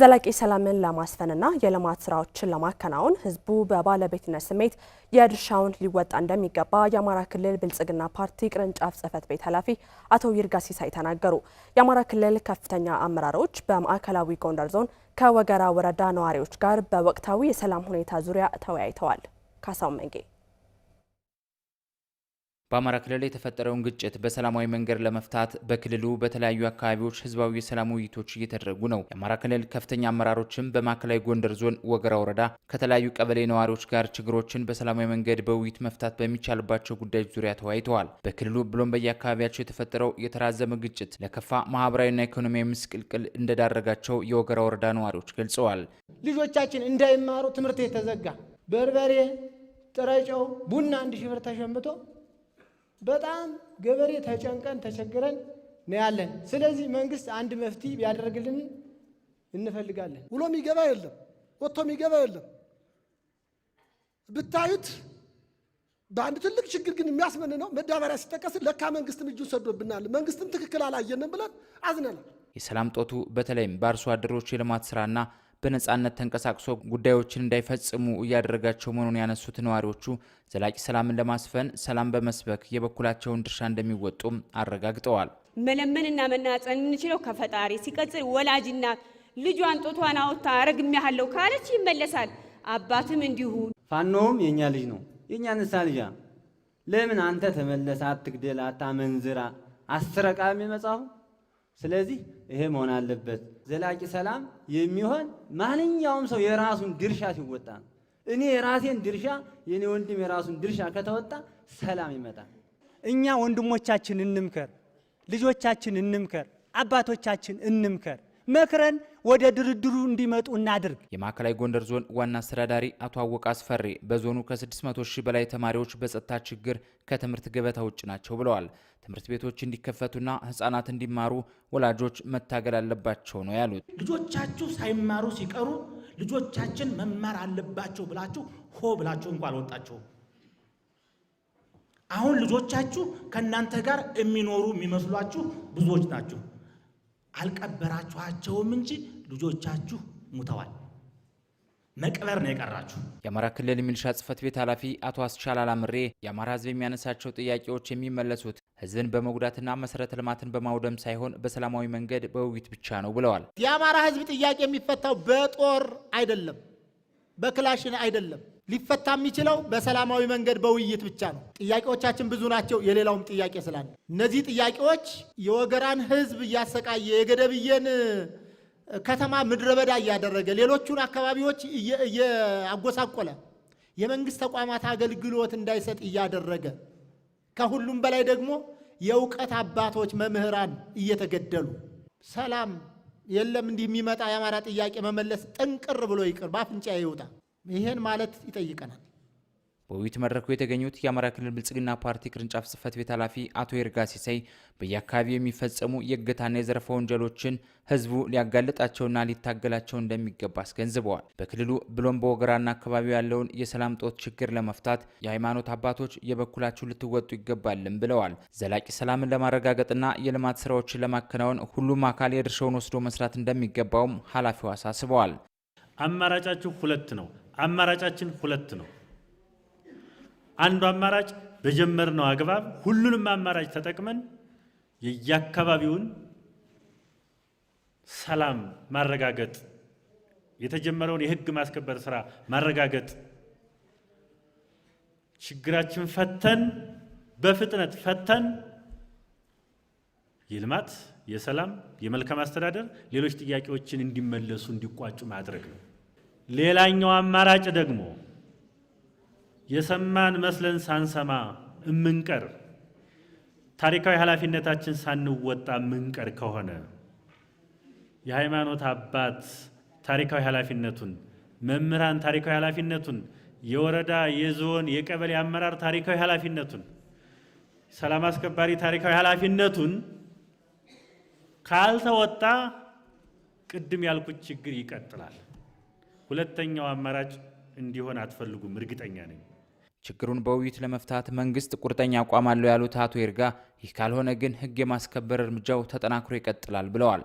ዘላቂ ሰላምን ለማስፈንና የልማት ስራዎችን ለማከናወን ህዝቡ በባለቤትነት ስሜት የድርሻውን ሊወጣ እንደሚገባ የአማራ ክልል ብልጽግና ፓርቲ ቅርንጫፍ ጽህፈት ቤት ኃላፊ አቶ ይርጋ ሲሳይ ተናገሩ። የአማራ ክልል ከፍተኛ አመራሮች በማዕከላዊ ጎንደር ዞን ከወገራ ወረዳ ነዋሪዎች ጋር በወቅታዊ የሰላም ሁኔታ ዙሪያ ተወያይተዋል። ካሳው መንጌ በአማራ ክልል የተፈጠረውን ግጭት በሰላማዊ መንገድ ለመፍታት በክልሉ በተለያዩ አካባቢዎች ህዝባዊ የሰላም ውይይቶች እየተደረጉ ነው። የአማራ ክልል ከፍተኛ አመራሮችም በማዕከላዊ ጎንደር ዞን ወገራ ወረዳ ከተለያዩ ቀበሌ ነዋሪዎች ጋር ችግሮችን በሰላማዊ መንገድ በውይይት መፍታት በሚቻልባቸው ጉዳዮች ዙሪያ ተወያይተዋል። በክልሉ ብሎም በየአካባቢያቸው የተፈጠረው የተራዘመ ግጭት ለከፋ ማህበራዊና ኢኮኖሚያዊ ምስቅልቅል እንደዳረጋቸው የወገራ ወረዳ ነዋሪዎች ገልጸዋል። ልጆቻችን እንዳይማሩ ትምህርት የተዘጋ በርበሬ፣ ጥረጨው፣ ቡና አንድ ሺህ ብር ተሸምቶ በጣም ገበሬ ተጨንቀን ተቸግረን እናያለን። ያለን። ስለዚህ መንግስት አንድ መፍትሄ ቢያደርግልን እንፈልጋለን። ውሎ የሚገባ የለም፣ ወጥቶ የሚገባ የለም። ብታዩት በአንድ ትልቅ ችግር ግን የሚያስመንነው መዳበሪያ ሲጠቀስ ለካ መንግስትም እጁን ሰዶብናል፣ መንግስትም ትክክል አላየንም ብለን አዝነናል። የሰላም ጦቱ በተለይም በአርሶ አደሮች የልማት ስራና በነጻነት ተንቀሳቅሶ ጉዳዮችን እንዳይፈጽሙ እያደረጋቸው መሆኑን ያነሱት ነዋሪዎቹ ዘላቂ ሰላምን ለማስፈን ሰላም በመስበክ የበኩላቸውን ድርሻ እንደሚወጡም አረጋግጠዋል። መለመንና መናጸን የምንችለው ከፈጣሪ ሲቀጽል፣ ወላጅና ልጇን ጦቷን አወጥታ ያለው ካለች ይመለሳል። አባትም እንዲሁ ፋኖም የእኛ ልጅ ነው የእኛ ንሳ ልጃ ለምን አንተ ተመለሰ አትግደል አታመንዝራ አስረቃሚ መጽሐፉ ስለዚህ ይሄ መሆን አለበት። ዘላቂ ሰላም የሚሆን ማንኛውም ሰው የራሱን ድርሻ ሲወጣ ነው። እኔ የራሴን ድርሻ፣ የኔ ወንድም የራሱን ድርሻ ከተወጣ ሰላም ይመጣል። እኛ ወንድሞቻችን እንምከር፣ ልጆቻችን እንምከር፣ አባቶቻችን እንምከር። መክረን ወደ ድርድሩ እንዲመጡ እናድርግ። የማዕከላዊ ጎንደር ዞን ዋና አስተዳዳሪ አቶ አወቃ አስፈሪ በዞኑ ከ600 ሺህ በላይ ተማሪዎች በጸጥታ ችግር ከትምህርት ገበታ ውጭ ናቸው ብለዋል። ትምህርት ቤቶች እንዲከፈቱና ሕጻናት እንዲማሩ ወላጆች መታገል አለባቸው ነው ያሉት። ልጆቻችሁ ሳይማሩ ሲቀሩ ልጆቻችን መማር አለባቸው ብላችሁ ሆ ብላችሁ እንኳ አልወጣችሁም። አሁን ልጆቻችሁ ከእናንተ ጋር የሚኖሩ የሚመስሏችሁ ብዙዎች ናቸው። አልቀበራችኋቸውም እንጂ ልጆቻችሁ ሙተዋል። መቅበር ነው የቀራችሁ። የአማራ ክልል ሚሊሻ ጽፈት ቤት ኃላፊ አቶ አስቻል አላምሬ የአማራ ህዝብ የሚያነሳቸው ጥያቄዎች የሚመለሱት ህዝብን በመጉዳትና መሰረተ ልማትን በማውደም ሳይሆን በሰላማዊ መንገድ በውይይት ብቻ ነው ብለዋል። የአማራ ህዝብ ጥያቄ የሚፈታው በጦር አይደለም፣ በክላሽን አይደለም ሊፈታ የሚችለው በሰላማዊ መንገድ በውይይት ብቻ ነው። ጥያቄዎቻችን ብዙ ናቸው። የሌላውም ጥያቄ ስላለ እነዚህ ጥያቄዎች የወገራን ህዝብ እያሰቃየ የገደብዬን ከተማ ምድረ በዳ እያደረገ ሌሎቹን አካባቢዎች እያጎሳቆለ የመንግስት ተቋማት አገልግሎት እንዳይሰጥ እያደረገ ከሁሉም በላይ ደግሞ የእውቀት አባቶች መምህራን እየተገደሉ ሰላም የለም። እንዲህ የሚመጣ የአማራ ጥያቄ መመለስ ጥንቅር ብሎ ይቅር፣ በአፍንጫ ይውጣ። ይሄን ማለት ይጠይቀናል። በውይይት መድረኩ የተገኙት የአማራ ክልል ብልጽግና ፓርቲ ቅርንጫፍ ጽህፈት ቤት ኃላፊ አቶ ይርጋ ሲሳይ በየአካባቢው የሚፈጸሙ የእገታና የዘረፈ ወንጀሎችን ህዝቡ ሊያጋልጣቸውና ሊታገላቸው እንደሚገባ አስገንዝበዋል። በክልሉ ብሎም በወገራና አካባቢው ያለውን የሰላም ጦት ችግር ለመፍታት የሃይማኖት አባቶች የበኩላችሁ ልትወጡ ይገባልም ብለዋል። ዘላቂ ሰላምን ለማረጋገጥና የልማት ስራዎችን ለማከናወን ሁሉም አካል የድርሻውን ወስዶ መስራት እንደሚገባውም ኃላፊው አሳስበዋል። አማራጫችሁ ሁለት ነው። አማራጫችን ሁለት ነው። አንዱ አማራጭ በጀመርነው አግባብ ሁሉንም አማራጭ ተጠቅመን የየአካባቢውን ሰላም ማረጋገጥ የተጀመረውን የህግ ማስከበር ስራ ማረጋገጥ ችግራችን ፈተን በፍጥነት ፈተን የልማት፣ የሰላም፣ የመልካም አስተዳደር ሌሎች ጥያቄዎችን እንዲመለሱ እንዲቋጩ ማድረግ ነው። ሌላኛው አማራጭ ደግሞ የሰማን መስለን ሳንሰማ እምንቀር ታሪካዊ ኃላፊነታችን ሳንወጣ እምንቀር ከሆነ የሃይማኖት አባት ታሪካዊ ኃላፊነቱን፣ መምህራን ታሪካዊ ኃላፊነቱን፣ የወረዳ የዞን የቀበሌ አመራር ታሪካዊ ኃላፊነቱን፣ ሰላም አስከባሪ ታሪካዊ ኃላፊነቱን ካልተወጣ ቅድም ያልኩት ችግር ይቀጥላል። ሁለተኛው አማራጭ እንዲሆን አትፈልጉም፣ እርግጠኛ ነኝ። ችግሩን በውይይት ለመፍታት መንግስት ቁርጠኛ አቋም አለው ያሉት አቶ ይርጋ፣ ይህ ካልሆነ ግን ህግ የማስከበር እርምጃው ተጠናክሮ ይቀጥላል ብለዋል።